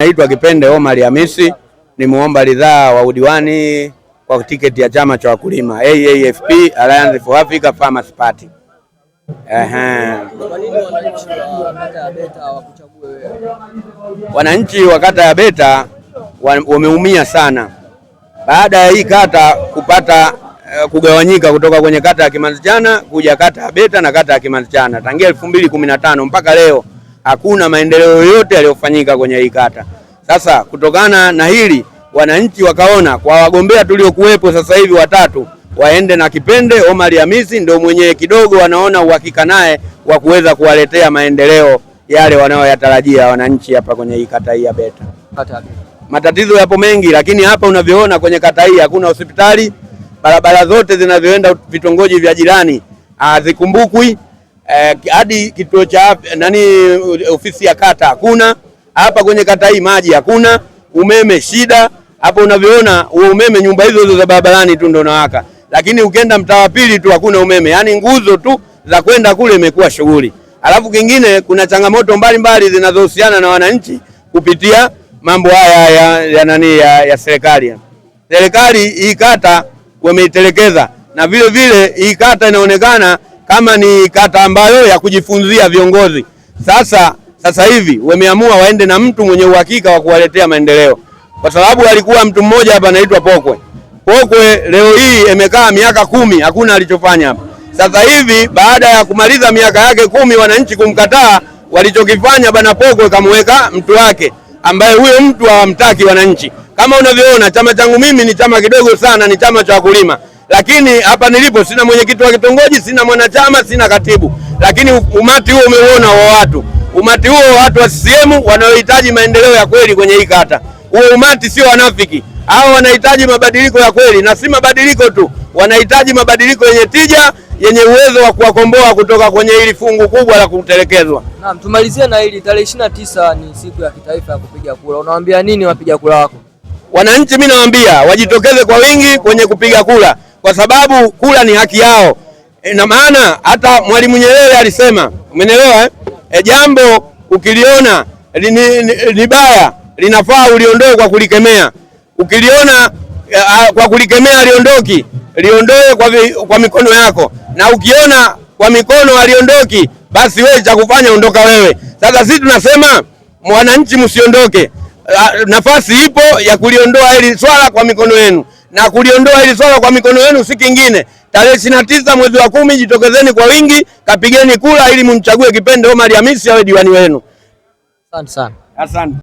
Naitwa Kipende Omar Hamisi, ni muomba ridhaa wa udiwani kwa tiketi ya chama cha wakulima AAFP, Alliance for Africa Farmers Party. Wananchi wa kata ya Beta wameumia sana baada ya hii kata kupata uh, kugawanyika kutoka kwenye kata ya Kimanzichana kuja kata ya Beta na kata ya Kimanzichana tangia elfu mbili kumi na tano mpaka leo hakuna maendeleo yoyote yaliyofanyika kwenye hii kata. Sasa kutokana na hili, wananchi wakaona kwa wagombea tuliokuwepo sasa hivi watatu waende na Kipende Omari Hamisi, ndio mwenye kidogo wanaona uhakika naye wa kuweza kuwaletea maendeleo yale wanayoyatarajia wananchi hapa kwenye hii kata hii ya Beta. Matatizo yapo mengi, lakini hapa unavyoona kwenye kata hii hakuna hospitali, barabara zote zinavyoenda vitongoji vya jirani hazikumbukwi. Eh, hadi eh, kituo cha nani, ofisi ya kata hakuna hapa kwenye kata hii, maji hakuna, umeme shida. Hapo unavyoona huo umeme, nyumba hizo hizo za barabarani tu ndo nawaka, lakini ukienda mtaa wa pili tu hakuna umeme, yaani nguzo tu za kwenda kule imekuwa shughuli. Alafu kingine kuna changamoto mbalimbali zinazohusiana na wananchi kupitia mambo haya ya, ya nani ya, ya serikali. Serikali hii kata wameitelekeza, na vile vile hii kata inaonekana kama ni kata ambayo ya kujifunzia viongozi. Sasa sasa hivi wameamua waende na mtu mwenye uhakika wa kuwaletea maendeleo, kwa sababu alikuwa mtu mmoja hapa anaitwa Pokwe. Pokwe leo hii amekaa miaka kumi, hakuna alichofanya hapa. Sasa hivi baada ya kumaliza miaka yake kumi, wananchi kumkataa, walichokifanya bana Pokwe kamweka mtu wake ambaye huyo mtu hawamtaki wananchi. Kama unavyoona chama changu mimi ni chama kidogo sana, ni chama cha wakulima lakini hapa nilipo sina mwenyekiti wa kitongoji, sina mwanachama, sina katibu, lakini umati huo umeuona wa watu, umati huo wa watu wa CCM wanaohitaji maendeleo ya kweli kwenye hii kata. Huo umati sio wanafiki, hao wanahitaji mabadiliko ya kweli, na si mabadiliko tu, wanahitaji mabadiliko yenye tija, yenye uwezo wa kuwakomboa kutoka kwenye hili fungu kubwa la kutelekezwa. Naam, tumalizie na hili. Tarehe 29 ni siku ya kitaifa ya kupiga kura, unawaambia nini wapiga kura wako? Wananchi, mimi nawaambia wajitokeze kwa wingi kwenye kupiga kura kwa sababu kula ni haki yao. E, na maana hata Mwalimu Nyerere alisema, umeelewa eh? E, jambo ukiliona ni baya linafaa uliondoe kwa kulikemea. Ukiliona eh, a, ah, kwa kulikemea aliondoki, liondoe kwa, vi, kwa mikono yako, na ukiona kwa mikono aliondoki, basi wewe cha kufanya ondoka wewe. Sasa sisi tunasema mwananchi, msiondoke, ah, nafasi ipo ya kuliondoa hili swala kwa mikono yenu na kuliondoa hili swala kwa mikono yenu, si kingine. Tarehe ishirini na tisa mwezi wa kumi, jitokezeni kwa wingi, kapigeni kura ili mumchague Kipende Omar Hamisi awe diwani wenu. Asante sana. Asante.